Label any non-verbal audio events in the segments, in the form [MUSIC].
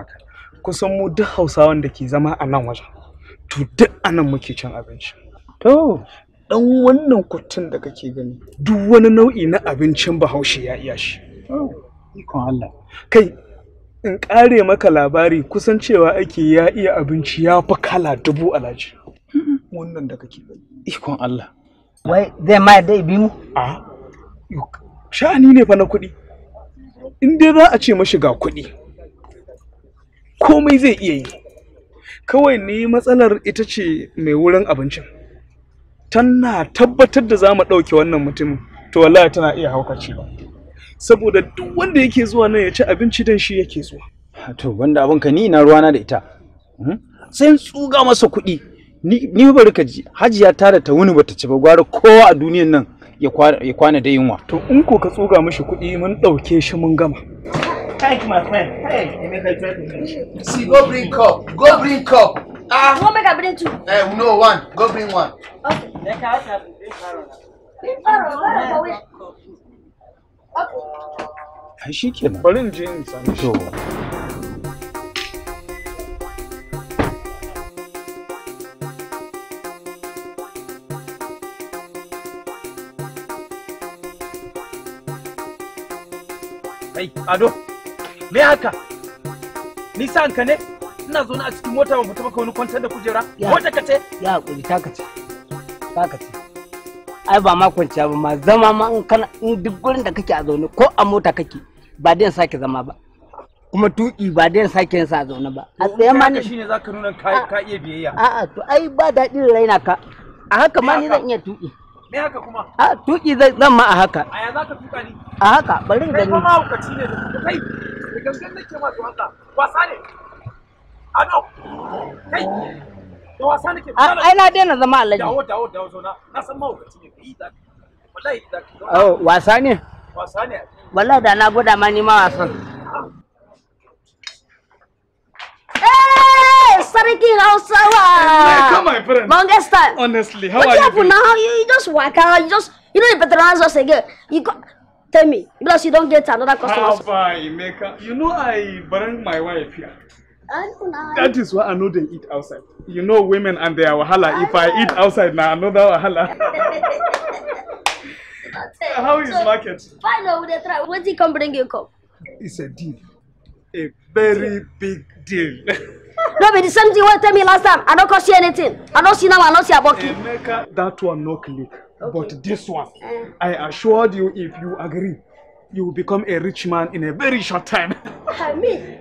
haka kusan mu duk hausawan da ke zama a nan wajen to duk a nan muke cin abinci to dan wannan kwatun da kake gani duk wani nau'i na abincin bahaushe ya iya shi ikon Allah kai in kare maka labari kusan cewa ake ya iya abinci ya fi kala dubu alaji wannan da kake gani ikon Allah wai zai ma dai bi mu a sha'ani ne fa na kuɗi in dai za a ce mashi ga kuɗi komai zai iya yi kawai ni matsalar ita ce mai wurin abincin tana tabbatar da za mu ɗauke wannan mutumin to wallahi tana iya haukaci ba saboda duk wanda yake zuwa nan ya ci abinci dan shi yake zuwa to wanda abinka ni na ruwana da ita hmm? sai tsuga masa kuɗi ni bari ka ji hajiya ta da ta wuni bata ci ba gwara kowa a duniyan nan ya kwana da yunwa to in ko ka tsuga mishi kuɗi mun ɗauke shi mun gama Thank you, my friend. Hey, Emeka, try to See, go bring cup. Go bring cup. Ah. You want make a bring two? Eh, no, one. Go bring one. Okay. Emeka, I have to bring Carol. Bring Carol. Okay. Ai shi kenan. Bari in je in sami. To. Ai, ado. me haka ni sa'an ka ne ina zo a cikin mota ba mutum ka wani kwantar da kujera mota ka ce ya hakuri ta ka ce ta ka ce ai ba ma kwanciya ba ma zama ma in kana in duk gurin da kake a zaune ko a mota kake ba dan sake zama ba kuma tuki ba dan sake yin sa a zaune ba a tsaye ma ne shine zaka nuna ka ka iya biyayya a'a to ai ba daɗin raina ka a haka ma ni zan iya tuki me haka kuma a tuki zan ma a haka a ya zaka tuka ni a haka bari da ni kai ma hukaci ne da kai da gangan nake ma to wasa ne ah, a no kai wasa nake ai na oh wasa ne wasa ne wallahi da na ma ni ma Come on, friend. Honestly, how are you? What happened now? You, just work out. You just, you know, you patronize us again. You got, Tell me, because you don't get another customer. How far, Emeka? You know I bring my wife here. That is why I know they eat outside. You know women and their wahala. I if know. I eat outside now, another wahala. [LAUGHS] How is so, market? Final with the try. What he come bring you come? It's a deal. A very big deal. [LAUGHS] no, but the same thing you tell me last time. I don't cost you anything. I don't see now, I don't see about Emeka, that one no click. Okay. But this one, mm. I assured you, if you agree, you will become a rich man in a very short time. I mean.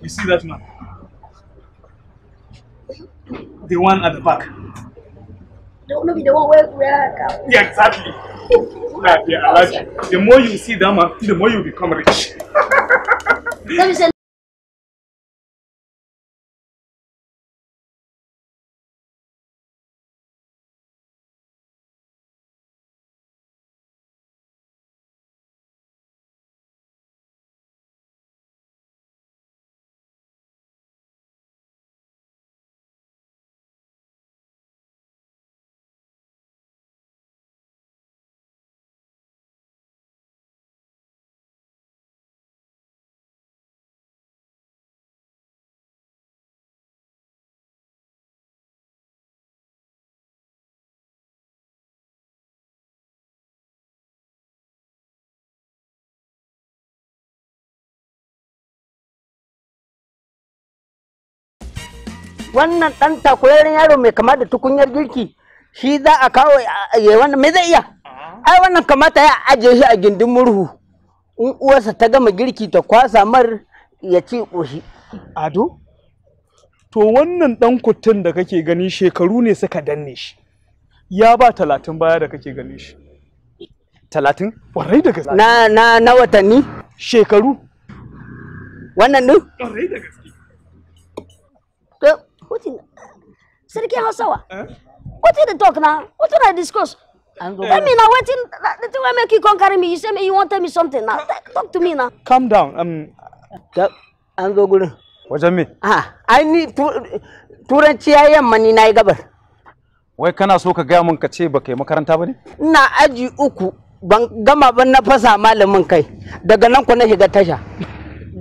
You see that man? The one at the back. Don't know at the one where I come. Yeah, exactly. yeah, yeah, I like it. The more you see that man, the more you become rich. wannan dan takuraren yaro mai kama da tukunyar girki shi za a kawo ya wannan me zai iya ai wannan kamata ya ajiye shi a gindin murhu in uwarsa ta gama girki ta kwasa mar ya ci koshi ado to wannan dan kutun da kake gani shekaru ne suka danne shi ya ba talatin baya da kake gani shi talatin warai da gaske na na na watanni shekaru wannan din warai da gaske What Sarki Hausawa. What in the talk now? What in I discuss? I'm going. Let me now. what Waiting. The two make you come carry me. You say me. You want tell me something now? Talk to me now. Calm down. Um. That. An zo gurin. Wajen mean? Ah, ai ni turanci ya yamma ni na yi gabar. Wai kana so ka gaya min ka ce ba kai makaranta ba ne? Na aji uku ban gama ban na fasa malamin kai daga nan ku na shiga tasha.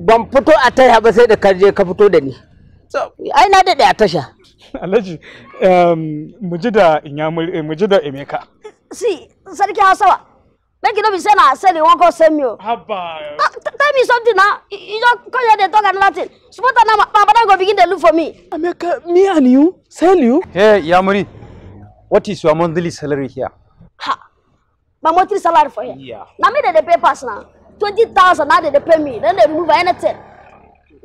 Ban fito a tasha ba sai da karje ka fito da ni. ai na daɗe a tasha alhaji um, mu ji da inyamuri eh, mu ji da emeka si sarki hausawa make you no be say na say they wan call send me o tell me something now. you just come here dey talk another thing supporter na my mother go begin dey look for me emeka me and you sell you hey yamuri what is your monthly salary here ha my monthly salary for here yeah. na me dey dey pay pass na twenty thousand na dey dey pay me then they remove anything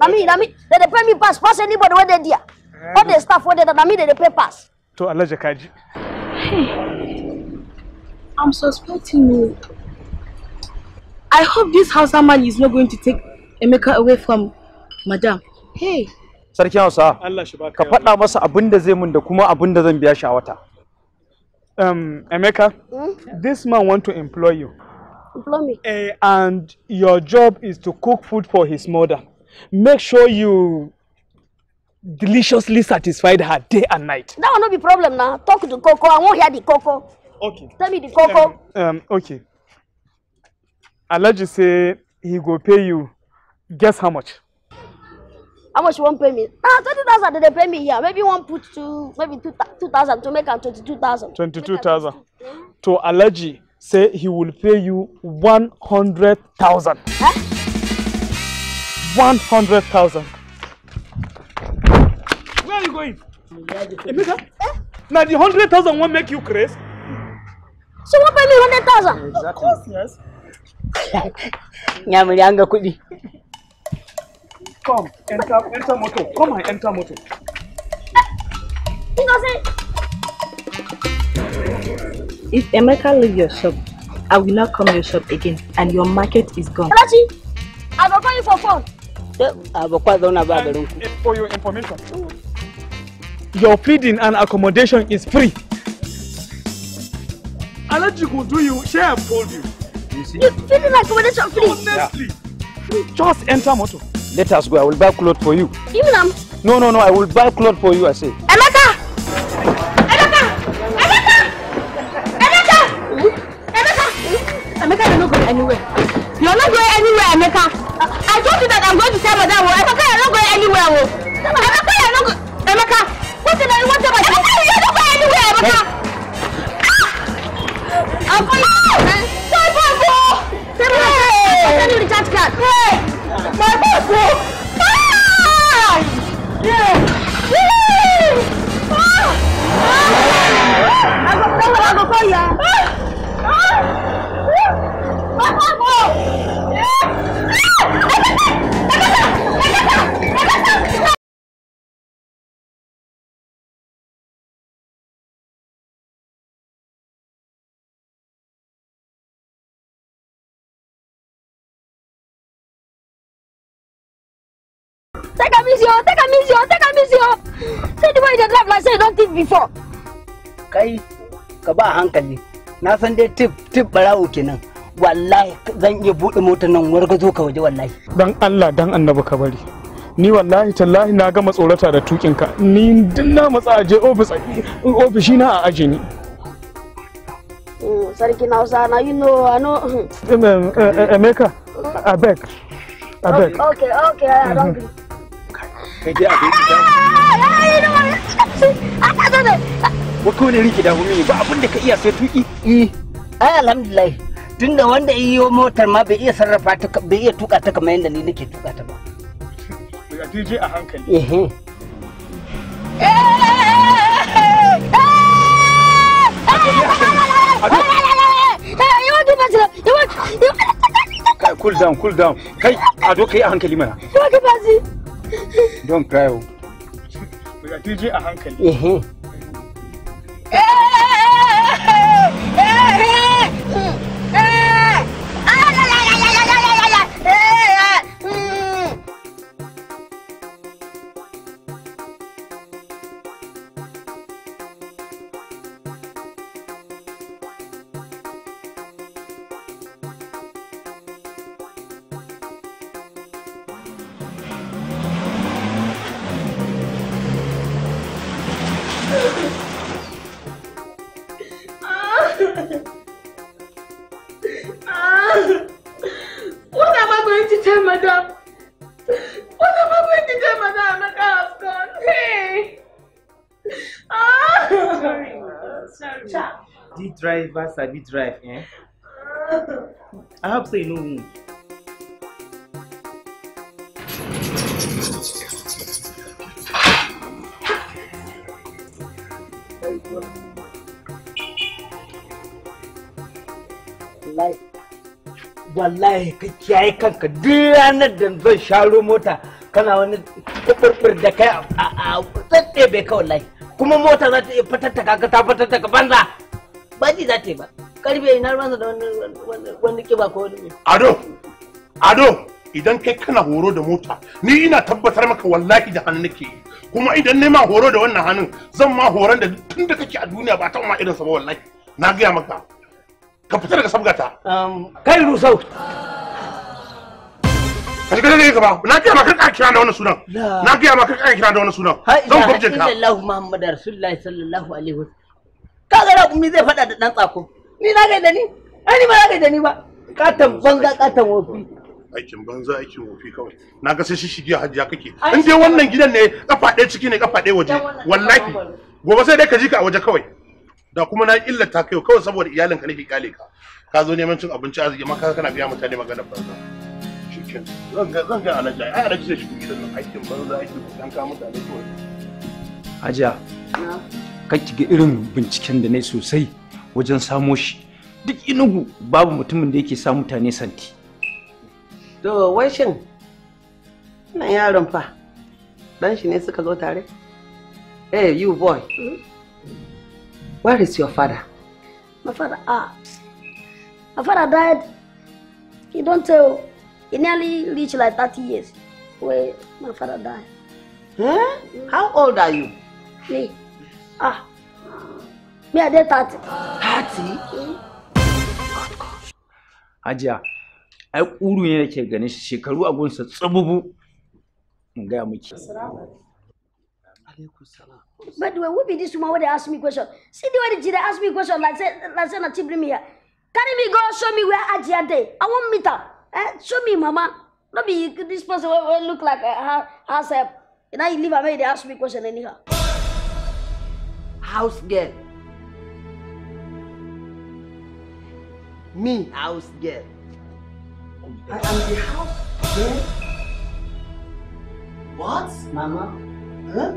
na me na me they dey pay me pass pass anybody wey dey there all the staff wey dey there na me they dey pay pass. to alhaji kaji. hey i'm suspecting you i hope this hausa man is not going to take emeka away from madam hey. sarki hausa ka faɗa masa abin da zai mun da kuma abin da zan biya shi a wata. um, Emeka, mm? this man want to employ you. Employ me? Uh, and your job is to cook food for his mother. make sure you deliciously satisfied her day and night. That will not be problem now. Talk to Coco. I won't hear the Coco. Okay. Tell me the Coco. Um, um okay. Alaji say he go pay you. Guess how much? How much you won't pay me? Ah, twenty thousand they pay me here? Maybe one put two, maybe two, two thousand to make her twenty-two thousand. Twenty-two thousand. To Allergy say he will pay you one hundred thousand. Huh? 100,000. Where are you going? Emeka? Eh? Now the 100,000 won't make you crazy. So what pay me 100,000? Exactly. Of course, yes. Nyamirianga [LAUGHS] kudi. Come, enter, enter moto. Come and enter moto. You if Emeka leave your shop, I will not come to your shop again and your market is gone. Kalachi, I will call you for phone. ba kwa ba garin ku for your information your feeding and accommodation is free Alaji could do you share have told you you see feeding and accommodation free honestly yeah. just enter motor let us go i will buy cloth for you even am no no no i will buy cloth for you i say Emeka Emeka Emeka Emeka Emeka Emeka you no go anywhere you no go anywhere Emeka I told you that I'm going to tell Madam. Emeka, you're not going anywhere. Emeka, you're not going. Emeka, what did I want to Emeka, you're not going anywhere, Emeka. Ah! I'm going to. My Bobo! Hey! I'll I'm you the charge card. Hey! My Bobo! Ah! Yeah! Yeah! Ah! Ah! I go, I go, I go call you. Ah! Ah! My Bobo! Yeah! Ah! take a easy oh take a easy oh take a easy say the way you drive like say don't don before. kai ka ba hankali na san dai tip tip barawo kenan wallahi zan iya buɗe motar nan wargazo ka waje wallahi. dan allah dan annabi ka bari ni wallahi tallahi na gama tsorata da tukinka ni duk na matsa aje ofishi na a aje ni sarki na hausa na you know i know emeka abeg abeg okay okay i don't kai dai abin da wa kawai ne rike da humi ba abin da ka iya sai tuki eh ai alhamdulillah tunda wanda iyo motar ma bai iya sarrafa ta bai iya tuka ta kamar yadda ni nake tuka ta ba ya je a hankali eh Cool down, cool down. Kai, ado kai a hankali mana. Yau ki don kayo je a hankali uh-huh. eh, eh, eh, driver sabi drive eh i hope say you know me wallahi ka kiyaye kanka duk ranar da zan sharo mota kana wani kukurkur da kai a tsatsebe kawai wallahi kuma mota za ta iya fatattaka ka ta fatattaka banza ba ji za ta yi ba karfe na ruwansa da wani kiba ko wani ado ado idan kai kana horo da mota ni ina tabbatar maka wallahi da hannu nake yi kuma idan ne ma horo da wannan hannun zan ma horon da tun da kake a duniya ba ta ma irin sa ba wallahi na gaya maka ka fita daga sabgata um, kai rusau ka shiga daga gaba na gaya maka ka kira da wannan sunan na gaya maka ka kira da wannan sunan zan gwabje ka la ilaha illallah muhammadar rasulullahi sallallahu alaihi wasallam mi zai faɗa da ɗan tsako ni na gaida ni ai ni ba na gaida ni ba katon banza katon wofi aikin banza aikin wofi kawai na ga sai shishigi hajiya kake in dai wannan gidan ne kafa ɗaya ciki ne kafa ɗaya waje wallahi gobe sai dai ka ji ka a waje kawai da kuma na illata kai kawai saboda iyalin ka nake kyale ka ka zo neman cin abinci a arziki maka kana biya mutane magana banza shikenan zan ga zan ga alaji ai da sai shi gidan nan aikin banza aikin kanka, ka mutane kawai hajiya ki ga irin binciken da na sosai wajen samo shi duk inugu babu mutumin da yake sa mutane santi to wai shin nan yaron fa dan shi ne suka zo tare hey you boy where is your father my father ah my father died he don't tell uh, he nearly reached like 30 years where my father died huh? how old are you me ah bí adé tààtì. tààtì. hajiya ai ƙuru ne ke ganin shi shekaru a gunsa tsububu in gaya miki. Alaikum salam. But when we be this woman where they ask me question, see the way the they ask me question like say like say na tip me here. Carry me go show me where Ajia dey. I wan meet her. Eh? Show me mama. No be this person will look like uh, her herself. Now I leave her make they ask me question anyhow. house girl. Me, house girl. I am the house girl. What? Mama? Huh?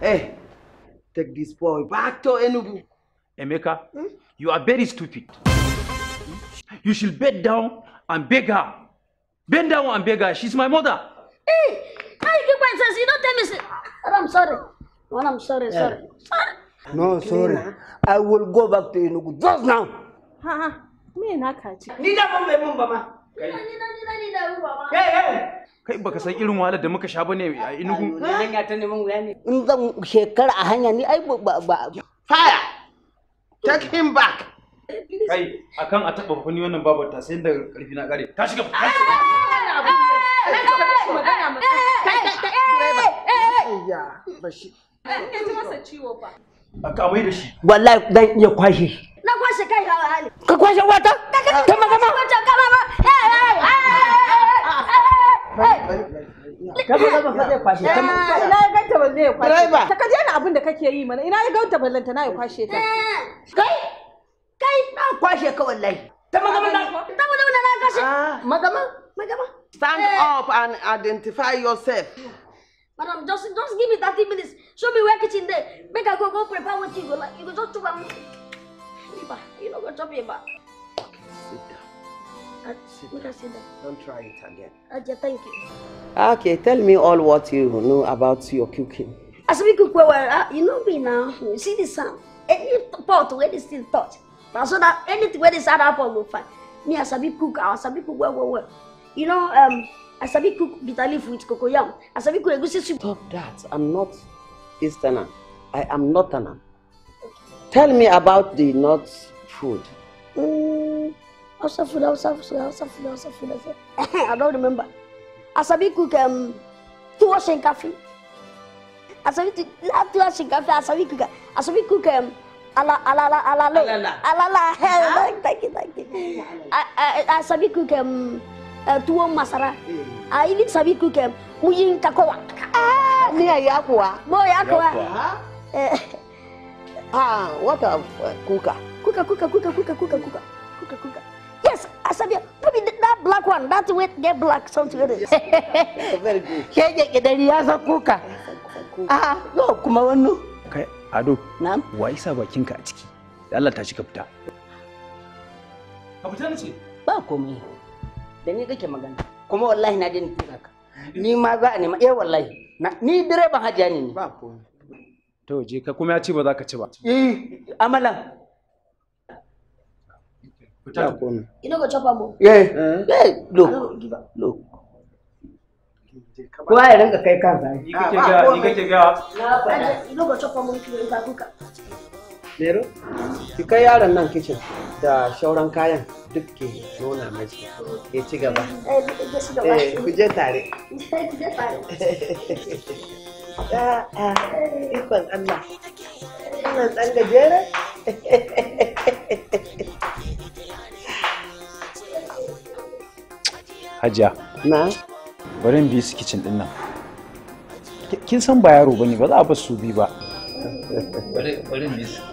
Hey, take this boy back to Enugu. Emeka, hmm? you are very stupid. You should bend down and beg her. Bend down and beg her. She's my mother. Hey, quiet, que You don't tell me. miss. I'm sorry. Well, I'm sorry, yeah. sorry. Sorry. No, sorry. I will go back to Enugu just now. Ha ha. Me na Akachi. Ni da ban ba ma. Ni da ni da ni Kai baka san irin wahalar da muka sha ne a Enugu. ta neman wuya ne. In zan shekara a hanya ni ai ba ba. Fire. Take him back. Kai, akan a taba fani wannan babar ta sai da karfi na kare Ta shiga. Ai, shiga ka Ayya bashi. Dan ya ji masa ciwo fa. Ka mai da shi. Wallahi dan iya kwashe shi. Na kwashe kai hali. Ka kwashe wata? ma. Wata ka ma. Ka zo zama zai kwashe ta. Ina ya ganta balle ya kwashe. Ta ka daina abin da kake yi mana. Ina ya ganta ballanta na ya kwashe ta. Kai? Kai na kwashe ka wallahi. Ta maza ma. Ta maza ma na kwashe. Maza ma. Maza ma. Stand up and identify yourself. Madam um, just just give me 30 minutes. Show me where kitchen there. Make her go go prepare what you go like. You go just chop am. Eba, you know go chop eba. Okay, sit down. Uh, sit down. Sit down. Don't try it again. Uh, Aja, thank you. Okay, tell me all what you know about your cooking. As we cook well, uh, you know me now. You see this um, any pot where this still touch. so that anything where this other pot will find. Me, I we cook. I we cook well, well, well. You know um. I sabi cook bitter leaf with cocoyam. I sabi cook egusi soup. Stop that. I'm not Easterner. I am Northerner. Okay. Tell me about the North food. Mm, Hausa food, Hausa food, Hausa food, Hausa food. [LAUGHS] I don't remember. I sabi cook um, tuwo shinkafi. I sabi to. not tuwo shinkafi. I sabi cook. I sabi cook um, ala ala ala ala ala ala ala [LAUGHS] ala. Thank you, thank you. I I I sabi cook um, uh, tuwo masara. Mm. a ili sabi kuke mu takowa ni a ya kuwa mo ya kuwa ah wata kuka kuka kuka kuka kuka kuka kuka kuka kuka yes asabi put that black one that with that black something [LAUGHS] very good ke ke ya kuka ah no kuma wannan kai ado na'am wa isa bakinka a ciki Allah ta shi ka fita a fita nace ba komai da ni kake magana kuma wallahi na je ni ka ni ma za a nema eh wallahi ni direban hajiya ne ba ko to je ka kuma ya ce ba za ka ci ba eh amalan ina ga chapa mu eh eh lo lo kai ni kake ga ni kake ga ina ga chapa mu ki ka Lero? Ki kai yaron nan kicin da shauran kayan duk ke nuna maji. Ke ci eh, gaba. Eh, ku je tare. A'a, ikon Allah. Wannan ɗan gajere? Hajiya. Na? Bari in bi su kicin ɗin nan. Kin san ba yaro bane ba za a bar su bi ba.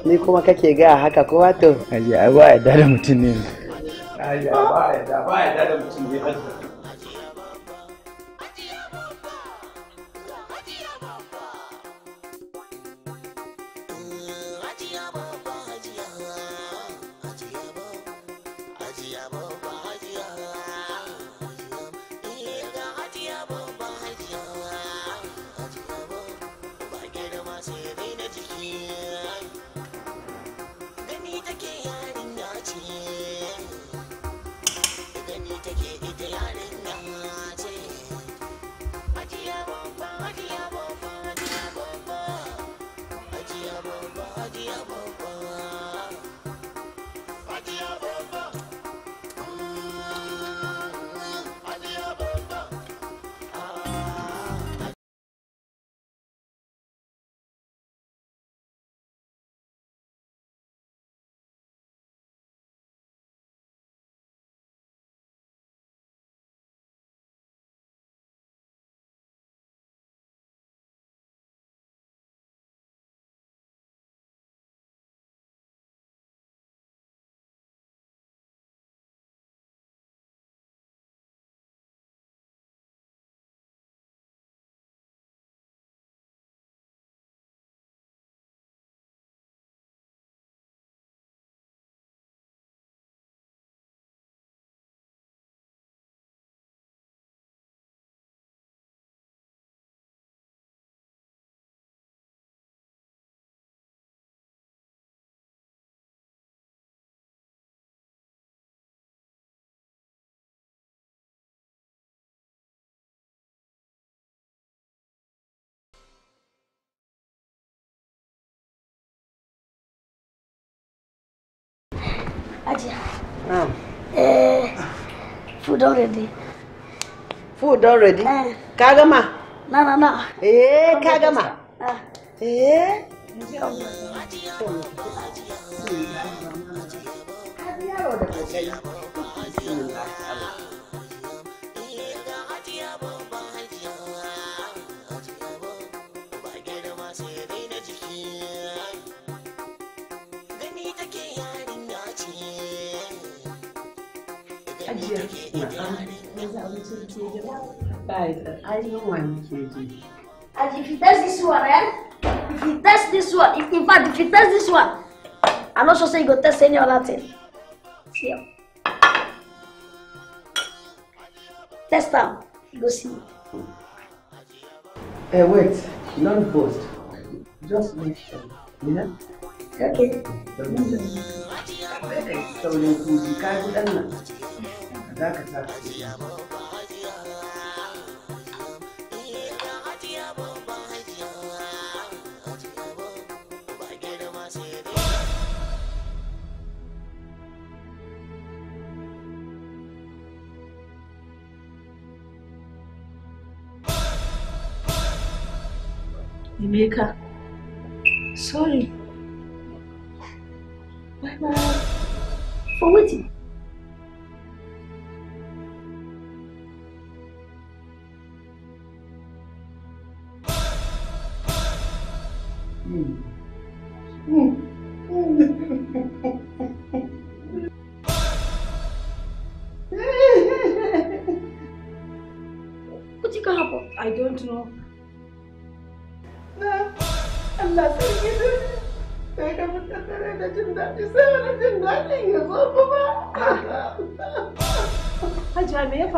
ni kuma kake ga haka kowa to aje ba yadda da mutum ne aje ba yadda ba yadda da mutum ne Hajiya. Eh, food already. Food already? Eh, Eh. servitude qui est Baik, ayuan keji. Ativitas this one, eh? If ne test this one, if in fact if he test this one, I'm say you go test any other thing. See ya. Test go see. Hey, wait, non post, Just make sure, Okay. girme ka sorry bye bye for waiting Hmm. Hmm.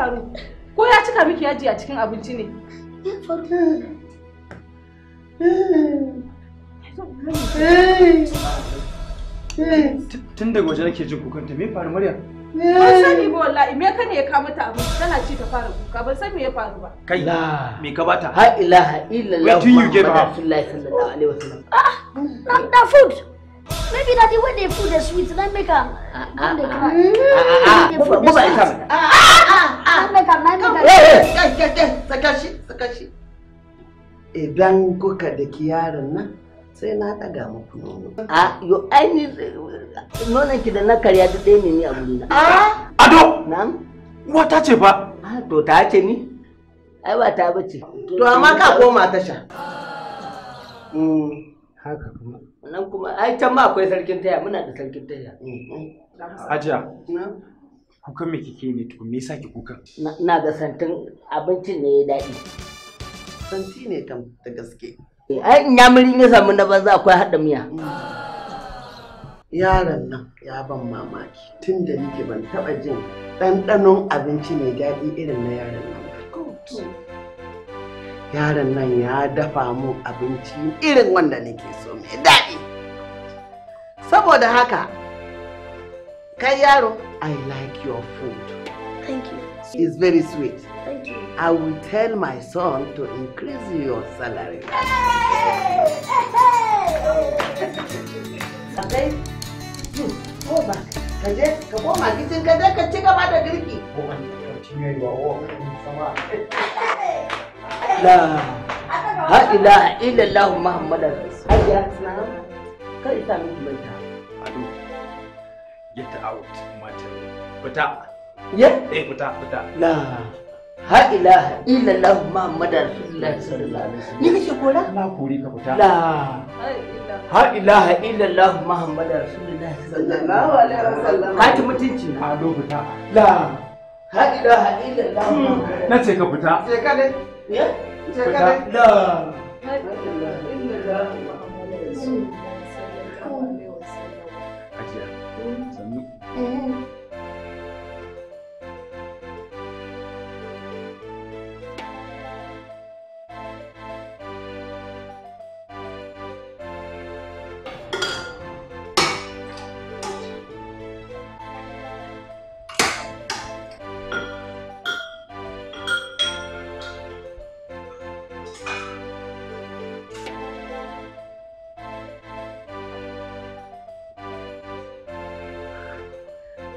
faru? Ko ya cika miki yaji a cikin abinci ne? Tun daga waje nake jin kukanta me faru Maryam? Ban sani ba wallahi me ka ne ya kama ta abinci tana ci ta fara kuka ban san me ya faru ba. Kai me ka bata? Ha ilaha illallah Muhammadu Rasulullahi sallallahu alaihi wasallam. Ah, not ah, the ah, food. Maybe that way they put the sweets, then make them. Then they cry. Ah, ah, ah, ah, ah, ah, ah, ah, ah, ah, ah, ah, ah, Idan kuka daki yaron nan, sai na ɗaga muku nono. A, ah, yo, ai nonon ki da na karya duk ɗaya ne ni a ah? Ado! Na'am. Uwa ta ce ba. To ta ce ni? Ai ba ta bace. To amma ka koma tasha. Mm, haka kuma. nan kuma ai can ma akwai sarkin taya muna da sarkin taya Ajiya, kukan me kike ne to me yasa ki kuka na ga santin abinci ne ya daɗi santi ne tam da gaske ai in ya muri ya samu na banza akwai haɗa miya yaron nan ya ban mamaki tun da nake ban taɓa jin ɗanɗanon abinci mai daɗi irin na yaron nan ba yaron nan ya dafa mu abinci irin wanda nake so mai daɗi saboda haka kai yaro i like your food thank you it's very sweet thank you i will tell my son to increase your salary [LAUGHS] ka je ka koma kicin ka je ka ci gaba da girki [LAUGHS] la ha ilaha illallah muhammadar hajiya kar isa miki manta ado get out mata fita ye eh fita fita la ha ilaha illallah muhammadar rasulullahi sallallahu alaihi wasallam ni kace kora na kore ka fita la ha ilaha illallah muhammadar rasulullahi sallallahu alaihi wasallam ka ci mutunci ado fita la ha ilaha illallah na ce ka fita sai ka dai Fita.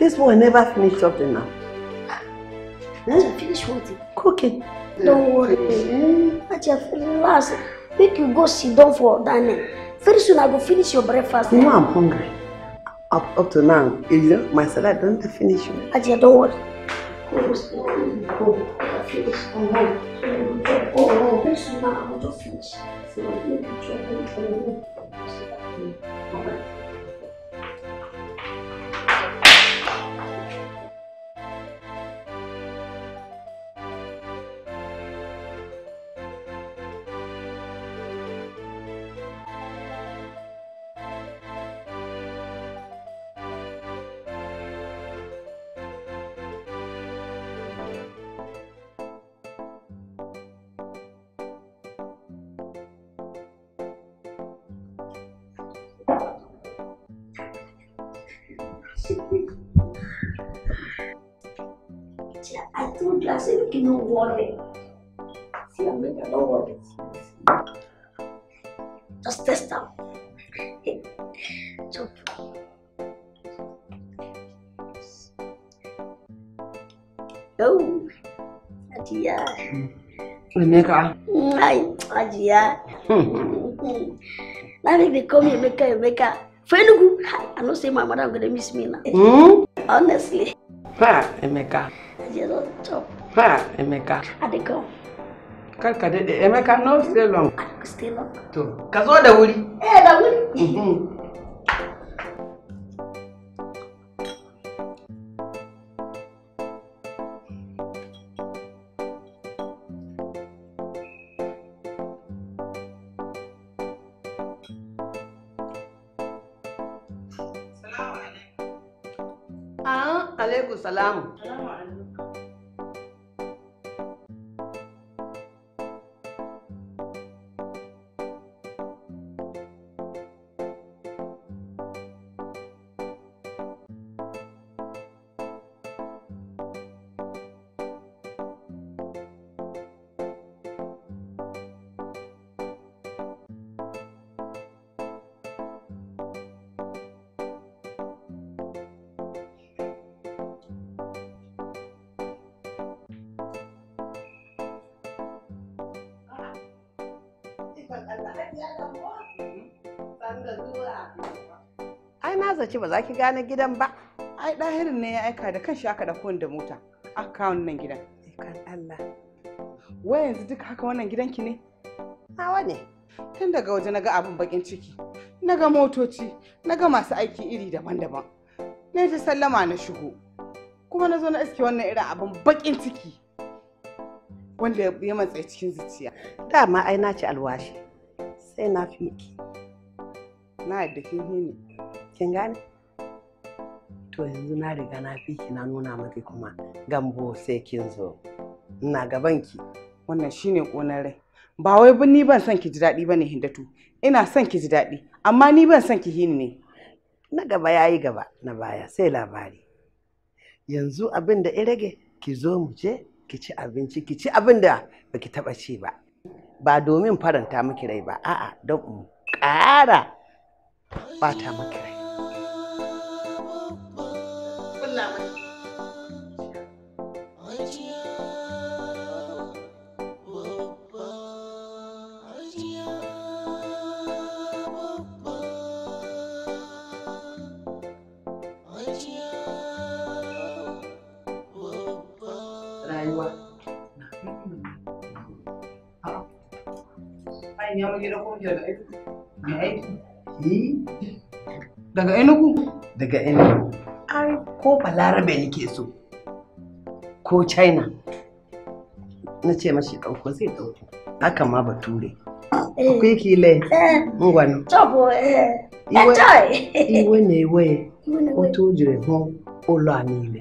This boy never finished up till now. Eh? Finish what? Cooking. Don't worry. Mm. Acha, last. Make you go sit down for dining. Very soon I go finish your breakfast. You know I'm hungry. Up, up to now, you know, my salad don't finish. Acha, don't worry. Oh, ¡No Si pues, no, no los Oh, Ajiya. Emeka. Ay, Ajiya. Now they me Emeka. no I ¡No say my mother gonna miss me ¿Mm? now. Honestly. Ha, ah, Emeka. Ha, Emeka. Adigo. Kar ka daɗe, Emeka, no stay long. Stay long. To, Kazo da wuri. Eh, da wuri. Mhm. Ai na zaci ba za ki gane gidan ba. Ai ɗahirin ne ya aika da kanshi aka ɗauko da mota. Aka kawo nan gidan. Allah. Wai yanzu duka haka wannan gidanki ne? Hawa ne. Tun daga waje na ga abin bakin ciki. Na ga motoci, na ga masu aiki iri daban-daban. Na ji sallama na shigo. Kuma na zo na iske wannan irin abin bakin ciki. Wanda ya matsayi cikin zuciya. Dama ai na ci alwashi. sai na fi ki na yadda hini kin gane to yanzu na riga na fi ki na nuna maka kuma gambo sai kin zo ina gaban ki wannan shine ƙonar rai ba wai bin ni ban son ki ji daɗi bane hindatu ina son ki ji daɗi amma ni ban son ki hini ne na gaba yayi gaba na baya sai labari yanzu abin da rage ki zo mu je ki ci abinci ki ci abin da baki taba ci ba ba domin faranta miki rai ba a'a don in ƙara bata miki rai rayuwa an daga enugu daga enugu ai ko balarabe nake so ko china na ce mashi ɗauko zai ɗauko haka ma bature kuka yake ile ngwanu iwe na-ewe otu o jiri hụ ụlọ a niile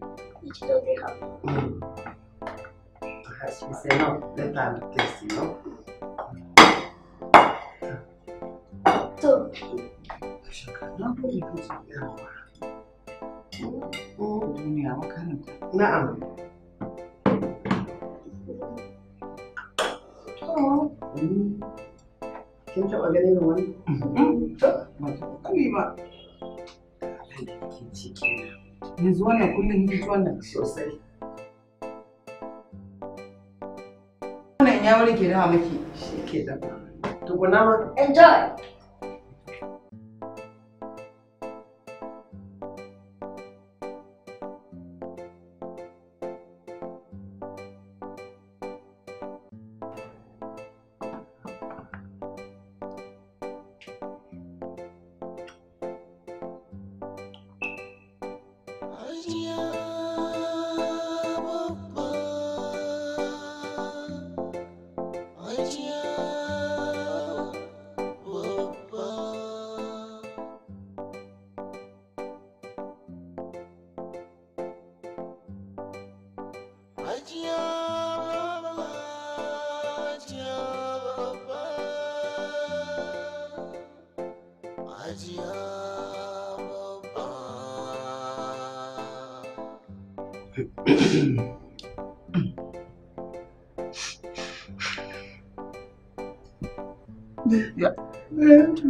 一度目が、うん、高橋先生のレターですよ。と、どうしようかな。الدنيا وكانت نعم kin taɓa ganin wani? Ba ta ba. yanzu wannan kullum hiji wannan sosai wannan ya warke da maki shi ke da tukuna ma enjoy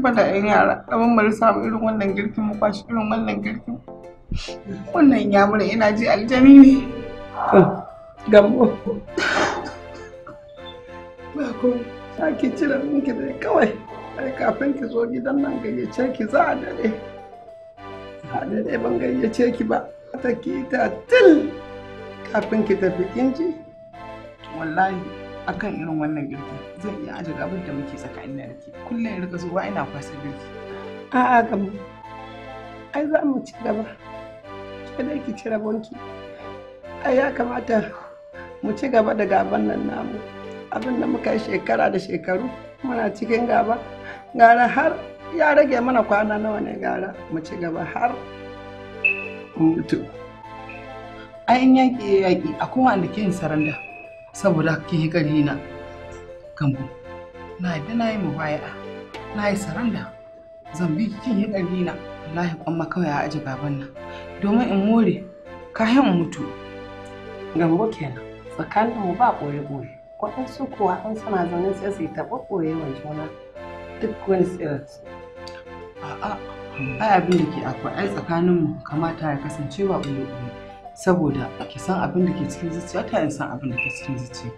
bada yan yara ɗaban bari samu irin wannan girkin mu kwashi irin wannan girkin wannan ya mura ina ji aljani ne gambo ba ko sake cire minki da kawai ai kafin ki zo gidan nan gayyace ki za a dare a dare ban gayyace ki ba take ta til kafin ki tafi inji wallahi akan irin wannan girki zan iya aje gabar da muke tsakanin da ke kullum rika zuwa ina kwasa girki a'a gamu ai za mu ci gaba kada ki cire banki ai ya kamata mu ci gaba da gaban nan namu abin da muka yi shekara da shekaru muna cikin gaba gara har ya rage mana kwana nawa ne gara mu ci gaba har to ai in yaƙi yaƙi a kuma da ke saranda saboda ke hikari na gambo na yadda na yi mubaya'a na yi saranda zan bi kin hikari na wallahi kwamma kawai a aji gaban nan domin in more kayan in mutu gambo kenan tsakanin mu ba ɓoye-ɓoye waɗansu kuwa an suna zaune sai su yi taɓa ɓoye wa juna duk wani tsirin a'a ai abin da ke akwai ai mu kamata ya kasance ba ɓoye saboda ki san abin da ke cikin zuciya ta san abin da ke cikin zuciya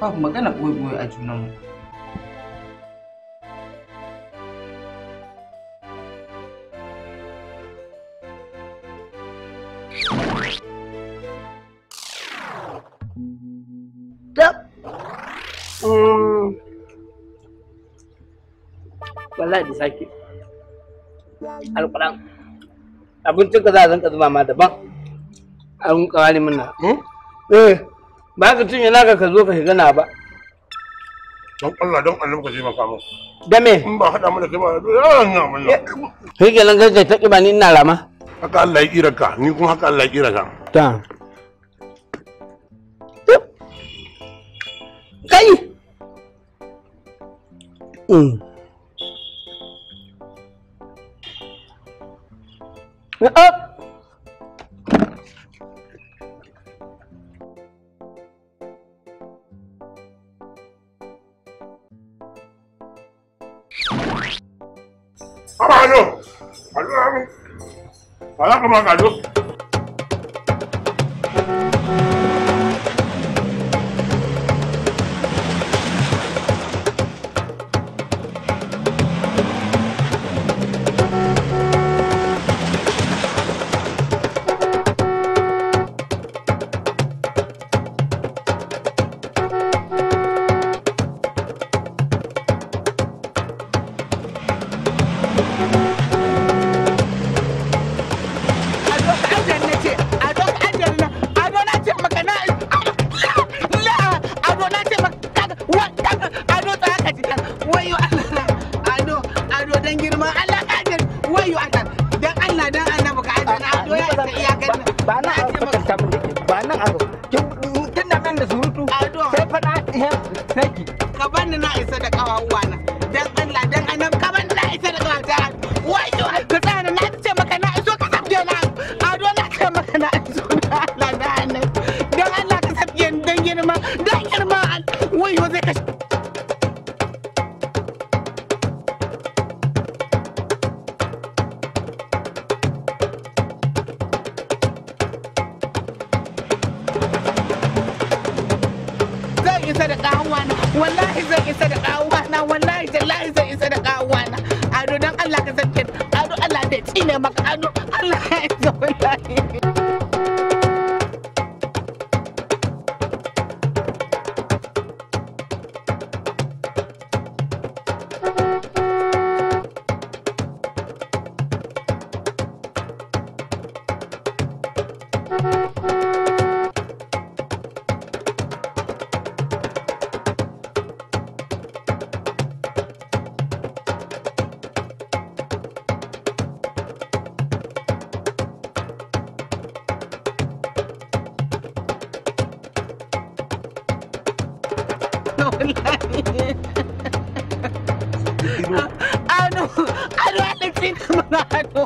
ba magana ɓoye-ɓoye a junanmu alƙuran abincin ka za a zan zuba ma daban an kawari mana hmm? eh ba ka cinye naka ka zo ka shiga na ba don Allah don Allah ka taimaka mu da me in ba hada mana kai ba yawan na mun kai ke nan kai ta kiba ni ina rama haka Allah ya kira ka ni kuma haka Allah ya kira ka ta kai Mm. 업! 가만히 가만히 가만히 가만히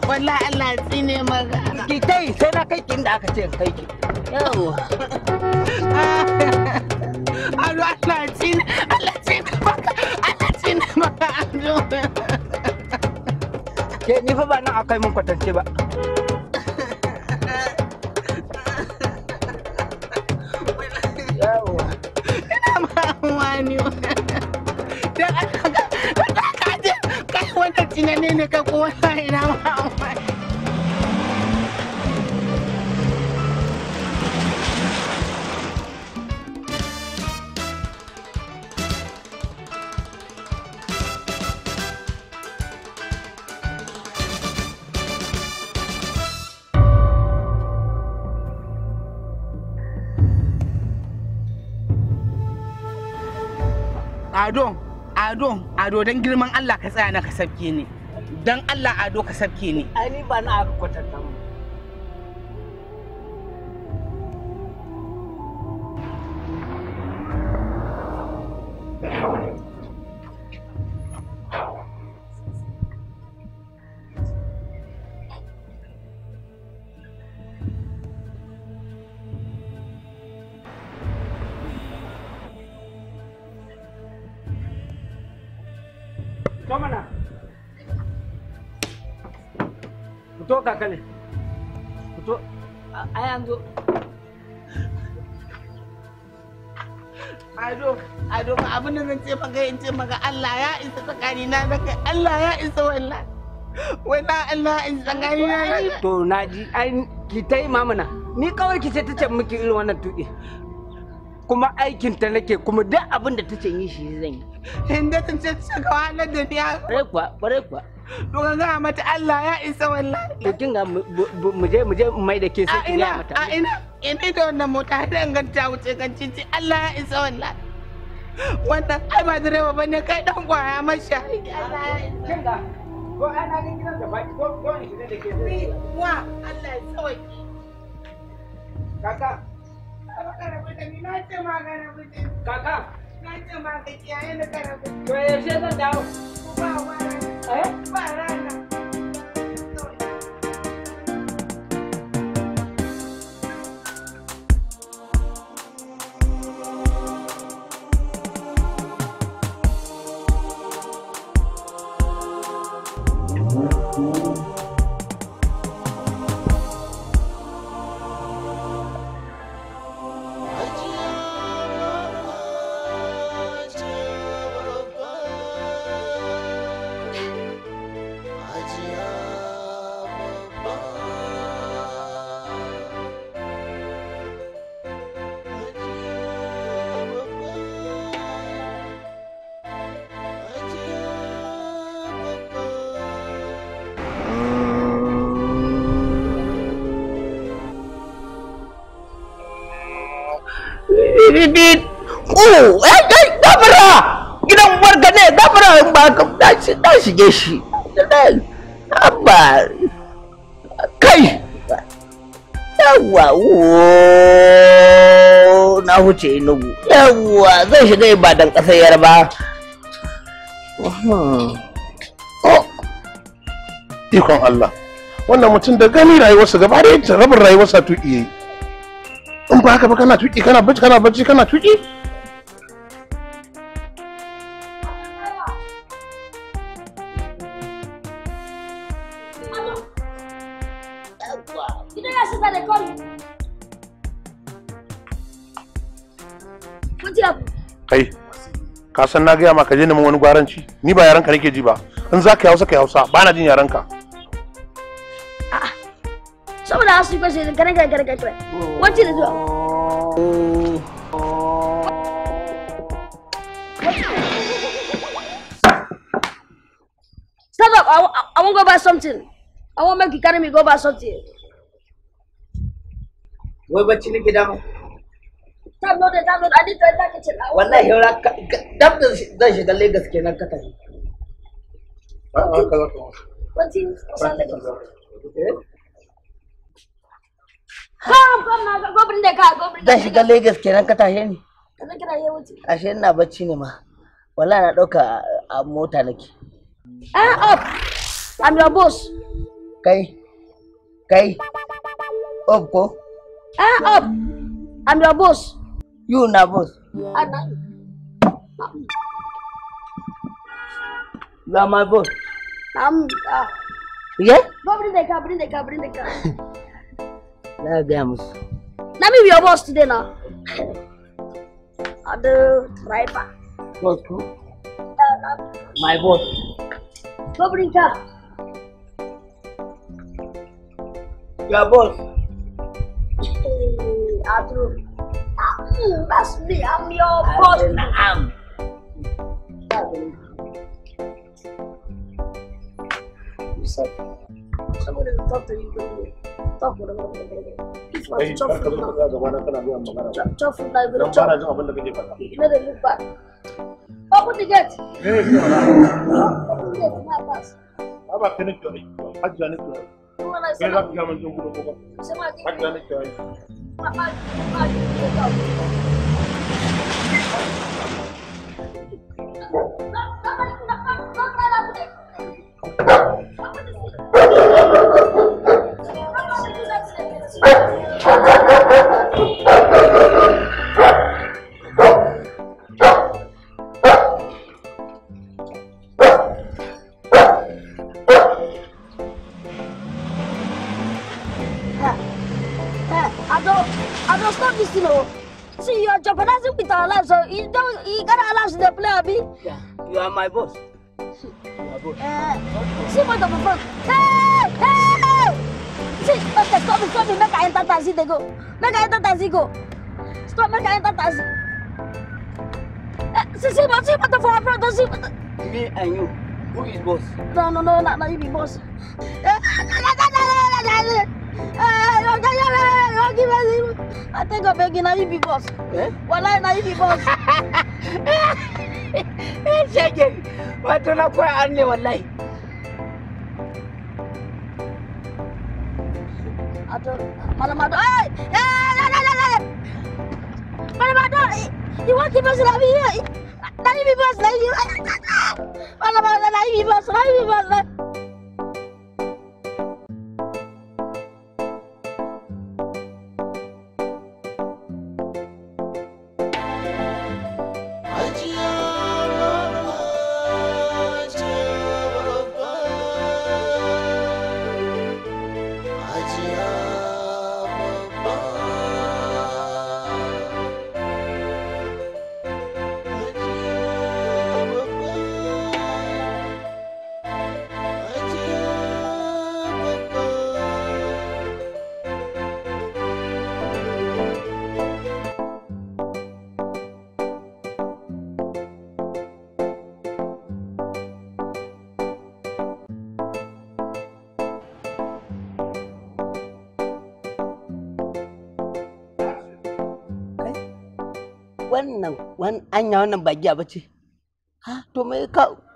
wallahi Allah ya tsine maka ki kai sai na kai ki inda aka ce kai ki yawa Ado [LAUGHS] Allah tsine Allah tsine maka Allah tsine maka [LAUGHS] ke ni fa ba na akai mun kwatance ba ado don girman Allah ka tsaya na ka sabke ni don Allah ado ka sabke ni ai ni ba na aka kwatanta mu fahimci maga maka Allah ya isa tsakanina da kai Allah ya isa wallahi wallahi Allah ya isa na da kai to naji ai ki tai mamuna ni kawai ki sai tace miki irin wannan tuki kuma aikin ta nake kuma duk abin da tace yi shi zan yi in da tun ce saka wahalar da duniya. bare kuwa bare kuwa to ga ga mata Allah ya isa wallahi to kin ga mu je mu je mu mai da ke sai ki ga mata a ina ina ina da wannan mota ta ganta wuce kan Allah ya isa wallahi wannan ai ba direba ba ne kai dan gwaya masha ko ana ga gidan da baki ko ko da ke wa Allah ya kaka kaka na ce ma ga kiyaye na karabu to yaushe zan dawo ba wa eh ba bi ku eh gafara gidan warga ne gafara in ba ka da shige shi abba kai yawwa wo na huce inugu yawwa zai shiga ibadan ƙasar yarba oh. ikon Allah wannan mutum da gani rayuwarsa gaba da rabin rayuwarsa tuƙi yayi ba haka ba kana tuki kana bacci kana bacci kana tuki kai ka san na gaya ma ka je neman wani gwaranci ni ba yaranka nake ji ba in za ka yi hausa ka yi hausa ba na jin yaranka za su yi fashe da gane gare gare gare wacce da zuwa Stand up, I, I, I want go buy something. I want make you go buy something. Wai bacci nake Get Tab no da tab no da adi ta ta kitchen. Wallahi yau dab da zan shiga Lagos kenan ka tafi. Ba ka Zan shiga Legas kenan ka tashe ni. Ashe ina bacci ne ma. Wala na ɗauka a mota nake. Ah op, oh, I'm your boss. Kai, kai, op ko? Ah op, oh, I'm your boss. You na boss. Ah, na. You are my boss. I'm, uh, ah. yeah? Go bring the car, bring the car, bring the car. Now né, Let me be your boss today now. Other driver. What? My boss. Go bring car. Your boss. Adru. That's me. I'm your boss. I'm. What's up? saboda tattali dole taku da wani gaba if was tough for me gaba na kana biyan magana tough for life dan fara jin abin da kake faɗa eh, ina da look back open the gate eh open the gate my pass baba kana kyori hajja ne kyori kai za ka ga mun jin gudu ko ba hajja ne kyori baba as see see but see but the phone, front see but me and you who is boss no no no not, not you be boss eh, I think of begging now you be boss. Eh? Well, I now you be boss. Shege, what do not quite only one lie? Malam ada, eh, eh, Ramadan, you want to pass Rabi? Let me pass, let me pass, lagi me pass, let pass, let me pass. Wani anya wannan ba giya bace ha to me ka